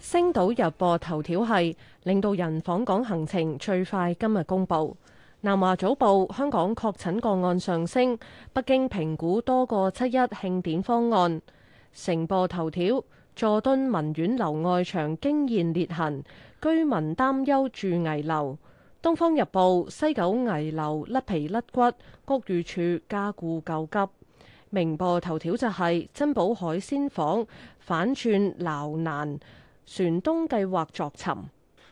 星島日報，頭條係領導人訪港行程最快今日公布。南華早報，香港確診個案上升。北京評估多個七一慶典方案。成報頭條：佐敦文苑樓外牆驚現裂痕，居民擔憂住危樓。東方日報：西九危樓甩皮甩骨，屋宇署加固救急。明報頭條就係、是、珍寶海鮮舫反轉鬧難。船東計劃作沉。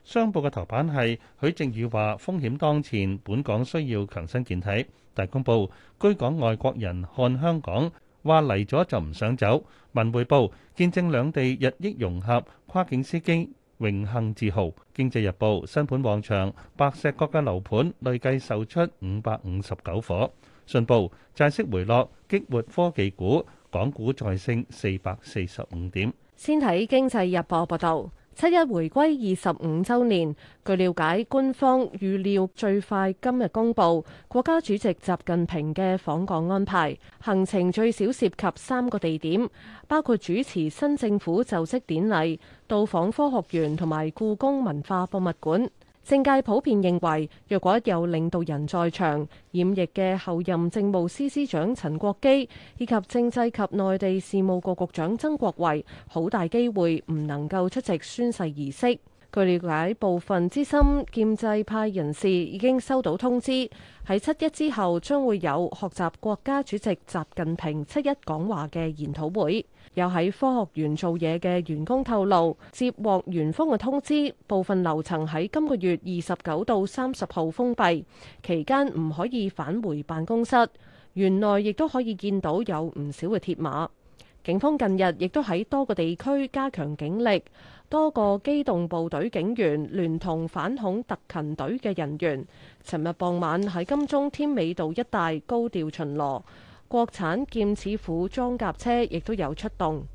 商報嘅頭版係許正宇話風險當前，本港需要強身健體。大公報居港外國人看香港，話嚟咗就唔想走。文匯報見證兩地日益融合，跨境司機榮幸自豪。經濟日報新盤旺場，白石角嘅樓盤累計售出五百五十九伙。信報債息回落，激活科技股，港股再升四百四十五點。先睇《經濟日報》報道，七一回歸二十五週年，據了解，官方預料最快今日公布國家主席習近平嘅訪港安排，行程最少涉及三個地點，包括主持新政府就職典禮、到訪科學園同埋故宮文化博物館。政界普遍認為，若果有領導人在場，染疫嘅後任政務司司長陳國基以及政制及內地事務局局長曾國衛，好大機會唔能夠出席宣誓儀式。據了解，部分資深建制派人士已經收到通知，喺七一之後將會有學習國家主席習近平七一講話嘅研討會。有喺科學園做嘢嘅員工透露，接獲園方嘅通知，部分樓層喺今個月二十九到三十號封閉，期間唔可以返回辦公室。園內亦都可以見到有唔少嘅鐵馬。警方近日亦都喺多個地區加強警力，多個機動部隊警員聯同反恐特勤隊嘅人員，尋日傍晚喺金鐘添美道一帶高調巡邏。國產劍齒虎裝甲車亦都有出動。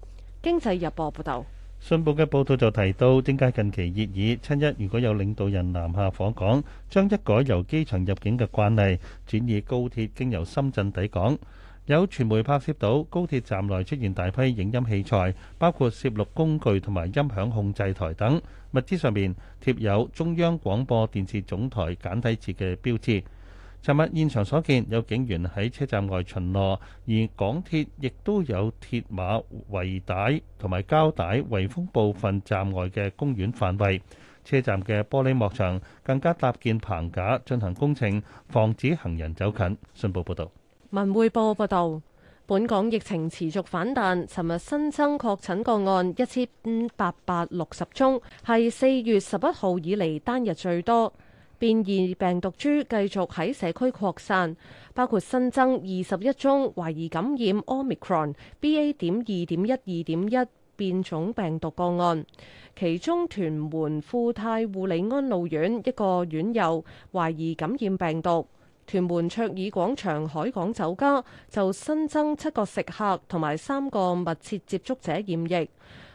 經濟日報報導，信報嘅報道就提到，正解近期熱議，親一，如果有領導人南下訪港，將一改由機場入境嘅慣例，轉移高鐵經由深圳抵港。有傳媒拍攝到高鐵站內出現大批影音器材，包括攝錄工具同埋音響控制台等，物資上面貼有中央廣播電視總台簡體字嘅標誌。昨日現場所見，有警員喺車站外巡邏，而港鐵亦都有鐵馬圍帶同埋膠帶圍封部分站外嘅公園範圍。車站嘅玻璃幕牆更加搭建棚架進行工程，防止行人走近。信報報道，文匯報報道：「本港疫情持續反彈，尋日新增確診個案一千八百六十宗，係四月十一號以嚟單日最多。變異病毒株繼續喺社區擴散，包括新增二十一宗懷疑感染 Omicron BA 點二點一二點一變種病毒個案，其中屯門富泰護理安老院一個院友懷疑感染病毒，屯門卓爾廣場海港酒家就新增七個食客同埋三個密切接觸者染疫，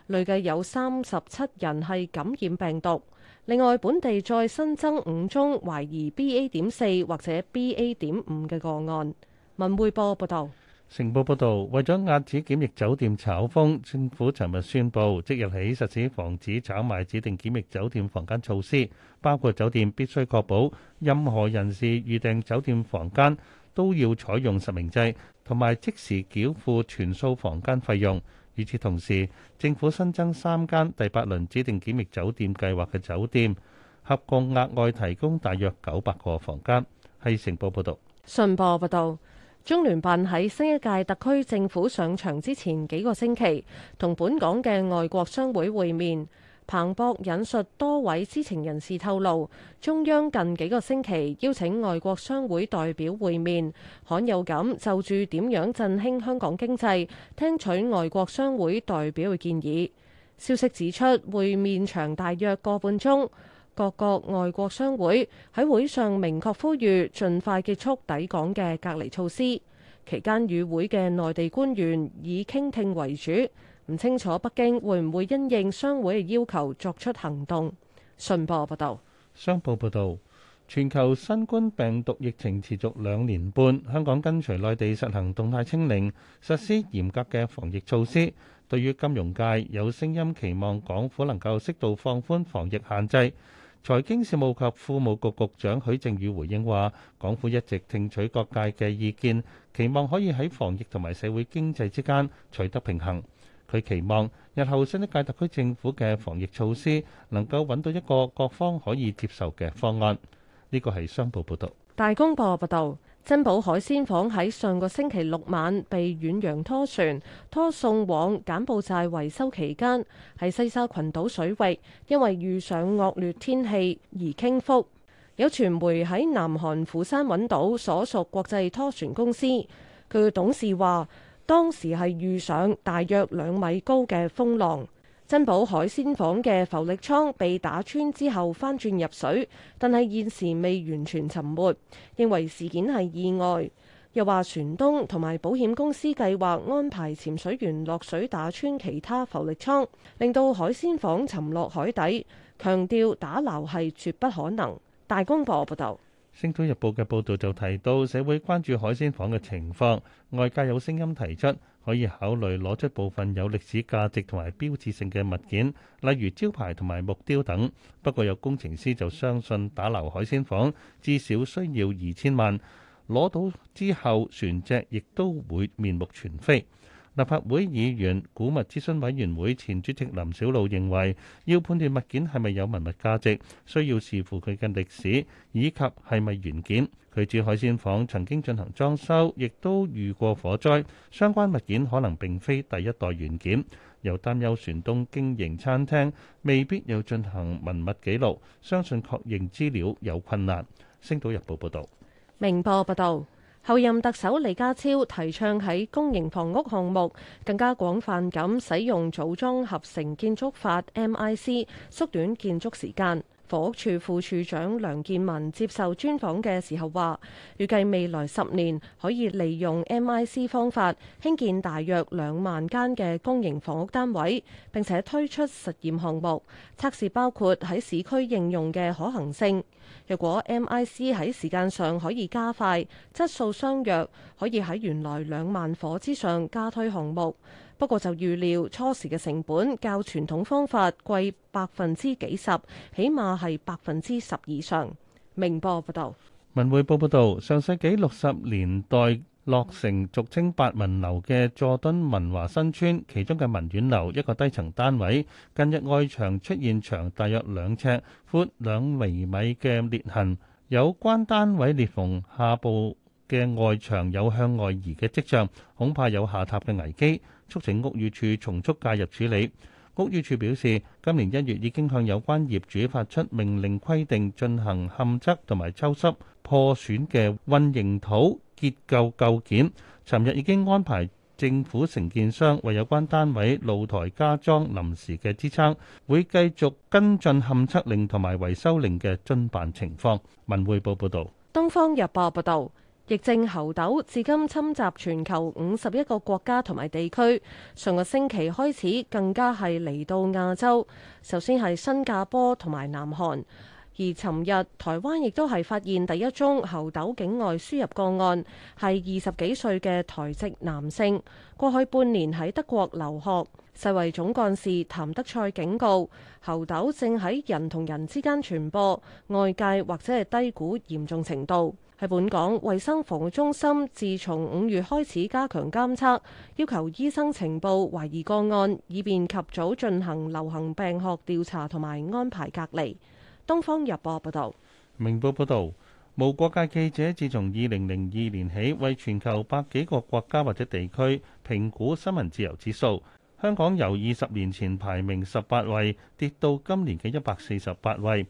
累計有三十七人係感染病毒。另外，本地再新增五宗懷疑 BA. 點四或者 BA. 點五嘅個案。文匯報報道：「成報報道，為咗壓止檢疫酒店炒風，政府尋日宣布即日起實施防止炒賣指定檢疫酒店房間措施。包括酒店必須確保任何人士預訂酒店房間都要採用實名制，同埋即時繳付全數房間費用。與此同時，政府新增三間第八輪指定檢疫酒店計劃嘅酒店，合共額外提供大約九百個房間。係成報報道。信報報道，中聯辦喺新一屆特區政府上場之前幾個星期，同本港嘅外國商會會面。彭博引述多位知情人士透露，中央近幾個星期邀請外國商會代表會面，罕有咁就住點樣振興香港經濟，聽取外國商會代表嘅建議。消息指出，會面長大約個半鐘，各國外國商會喺會上明確呼籲盡快結束抵港嘅隔離措施。期間與會嘅內地官員以傾聽為主。唔清楚北京會唔會因應商會嘅要求作出行動，信報報道。商報報道，全球新冠病毒疫情持續兩年半，香港跟隨內地實行動態清零，實施嚴格嘅防疫措施。對於金融界有聲音期望港府能夠適度放寬防疫限制，財經事務及庫務局局長許正宇回應話，港府一直聽取各界嘅意見，期望可以喺防疫同埋社會經濟之間取得平衡。佢期望日後新一屆特區政府嘅防疫措施能夠揾到一個各方可以接受嘅方案。呢個係商報報道。大公報報道，珍寶海鮮舫喺上個星期六晚被遠洋拖船拖送往柬埔寨維修期間喺西沙群島水域因為遇上惡劣天氣而傾覆。有傳媒喺南韓釜山揾到所屬國際拖船公司，佢董事話。當時係遇上大約兩米高嘅風浪，珍寶海鮮舫嘅浮力倉被打穿之後翻轉入水，但係現時未完全沉沒。認為事件係意外，又話船東同埋保險公司計劃安排潛水員落水打穿其他浮力倉，令到海鮮舫沉落海底。強調打撈係絕不可能，大公報報道。《星島日報》嘅報導就提到，社會關注海鮮舫嘅情況，外界有聲音提出可以考慮攞出部分有歷史價值同埋標誌性嘅物件，例如招牌同埋木雕等。不過，有工程師就相信打撈海鮮舫至少需要二千萬，攞到之後船隻亦都會面目全非。立法會議員古物諮詢委員會前主席林筱魯認為，要判斷物件係咪有文物價值，需要視乎佢嘅歷史以及係咪原件。佢指海鮮舫曾經進行裝修，亦都遇過火災，相關物件可能並非第一代原件。又擔憂船東經營餐廳未必有進行文物記錄，相信確認資料有困難。星島日報報導。明報報道，候任特首李家超提倡喺公營房屋項目更加廣泛咁使用組裝合成建築法 （MIC），縮短建築時間。房屋署副署長梁建文接受專訪嘅時候話：預計未來十年可以利用 M I C 方法興建大約兩萬間嘅公營房屋單位，並且推出實驗項目，測試包括喺市區應用嘅可行性。若果 M I C 喺時間上可以加快，質素相若，可以喺原來兩萬夥之上加推項目。不過就預料初時嘅成本較傳統方法貴百分之幾十，起碼係百分之十以上。明報報道，文匯報報道，上世紀六十年代落成，俗稱八文樓嘅佐敦文華新村，其中嘅文苑樓一個低層單位，近日外牆出現長大約兩尺、闊兩釐米嘅裂痕。有關單位裂縫下部嘅外牆有向外移嘅跡象，恐怕有下塌嘅危機。促請屋宇處從速介入處理。屋宇處表示，今年一月已經向有關業主發出命令，規定進行勘測同埋抽濕破損嘅混凝土結構構件。尋日已經安排政府承建商為有關單位露台加裝臨時嘅支撐。會繼續跟進勘測令同埋維修令嘅進辦情況。文匯報報導，《東方日報》報導。疫症猴痘至今侵襲全球五十一個國家同埋地區。上個星期開始更加係嚟到亞洲，首先係新加坡同埋南韓，而尋日台灣亦都係發現第一宗猴痘境外輸入個案，係二十幾歲嘅台籍男性，過去半年喺德國留學。世衛總幹事譚德塞警告，猴痘正喺人同人之間傳播，外界或者係低估嚴重程度。喺本港衛生防護中心自從五月開始加強監測，要求醫生呈報懷疑個案，以便及早進行流行病學調查同埋安排隔離。東方日報報道。明報報道，無國界記者自從二零零二年起為全球百幾個國家或者地區評估新聞自由指數，香港由二十年前排名十八位跌到今年嘅一百四十八位。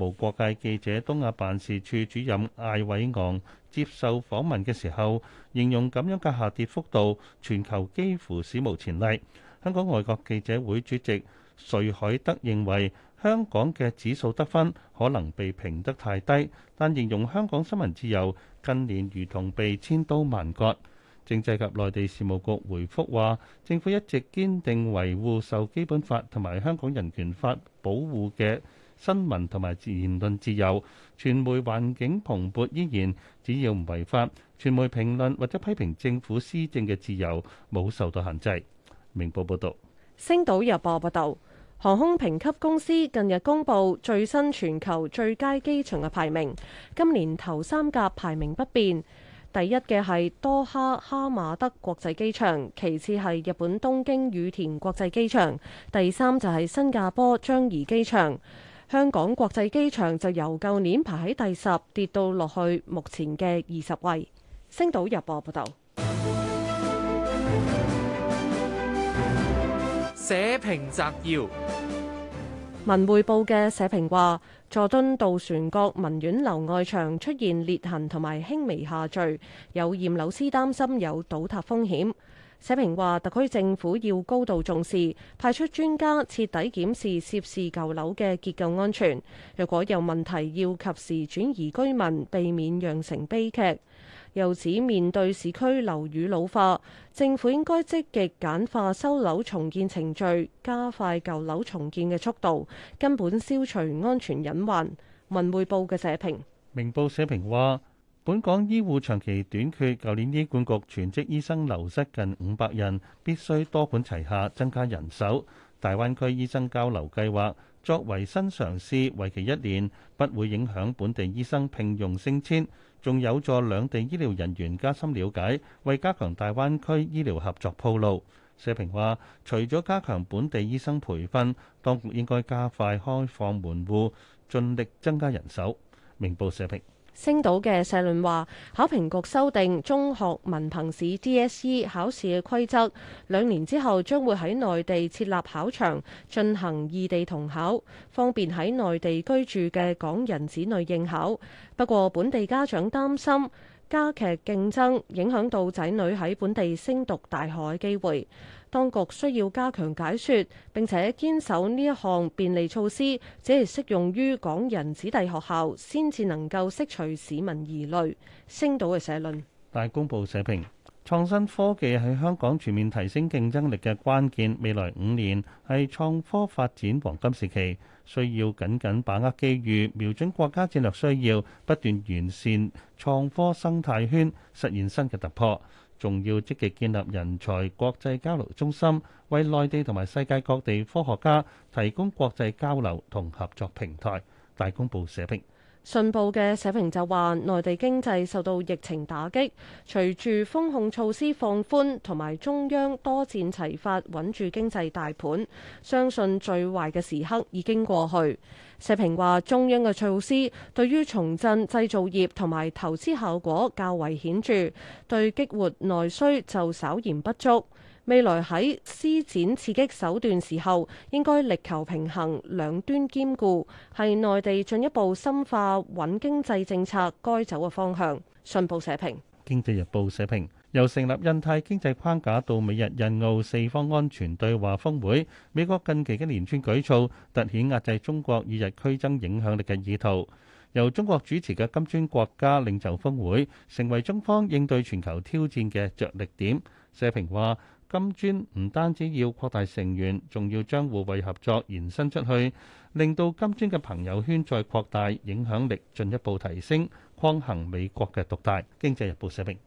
無國界記者東亞辦事處主任艾偉昂接受訪問嘅時候，形容咁樣嘅下跌幅度，全球幾乎史無前例。香港外國記者會主席瑞海德認為，香港嘅指數得分可能被評得太低，但形容香港新聞自由近年如同被千刀萬割。政制及內地事務局回覆話，政府一直堅定維護受基本法同埋香港人權法保護嘅新聞同埋自言論自由，傳媒環境蓬勃依然。只要唔違法，傳媒評論或者批評政府施政嘅自由冇受到限制。明報報導，星島日報報導，航空評級公司近日公布最新全球最佳機場嘅排名。今年頭三甲排名不變，第一嘅係多哈哈馬德國際機場，其次係日本東京羽田國際機場，第三就係新加坡樟宜機場。香港國際機場就由舊年排喺第十跌到落去目前嘅二十位。星島日報、啊、報道社評摘要：文匯報嘅社評話，佐敦渡船角文苑樓外牆出現裂痕同埋輕微下墜，有驗樓師擔心有倒塌風險。社評話：特區政府要高度重視，派出專家徹底檢視涉事舊樓嘅結構安全，如果有問題，要及時轉移居民，避免釀成悲劇。又指面對市區樓宇老化，政府應該積極簡化收樓重建程序，加快舊樓重建嘅速度，根本消除安全隱患。文匯報嘅社評，明報社評話。本港醫護長期短缺，舊年醫管局全職醫生流失近五百人，必須多管齊下增加人手。大灣區醫生交流計劃作為新嘗試，為期一年，不會影響本地醫生聘用升遷，仲有助兩地醫療人員加深了解，為加強大灣區醫療合作鋪路。社評話，除咗加強本地醫生培訓，當局應該加快開放門戶，盡力增加人手。明報社評。星島嘅社論話，考評局修訂中學文憑試 DSE 考試嘅規則，兩年之後將會喺內地設立考場，進行異地同考，方便喺內地居住嘅港人子女應考。不過本地家長擔心。加劇競爭，影響到仔女喺本地升讀大學嘅機會。當局需要加強解説，並且堅守呢一項便利措施，只係適用於港人子弟學校，先至能夠釋除市民疑慮。星島嘅社論，大公報社評：創新科技喺香港全面提升競爭力嘅關鍵。未來五年係創科發展黃金時期。需要緊緊把握機遇，瞄準國家戰略需要，不斷完善創科生態圈，實現新嘅突破。仲要積極建立人才國際交流中心，為內地同埋世界各地科學家提供國際交流同合作平台。大公報社評。信報嘅社評就話，內地經濟受到疫情打擊，隨住封控措施放寬同埋中央多戰齊發，穩住經濟大盤，相信最壞嘅時刻已經過去。社評話，中央嘅措施對於重振製造業同埋投資效果較為顯著，對激活內需就稍嫌不足。未來喺施展刺激手段時候，應該力求平衡，兩端兼顧，係內地進一步深化穩經濟政策該走嘅方向。信報社評。《經濟日報》社評，由成立印太經濟框架到美日印澳四方安全對話峰會，美國近期嘅連串舉措突顯壓制中國與日俱增影響力嘅意圖。由中國主持嘅金磚國家領袖峰會，成為中方應對全球挑戰嘅着力點。社評話。金磚唔單止要擴大成員，仲要將互惠合作延伸出去，令到金磚嘅朋友圈再擴大，影響力進一步提升，抗衡美國嘅獨大。經濟日報社明。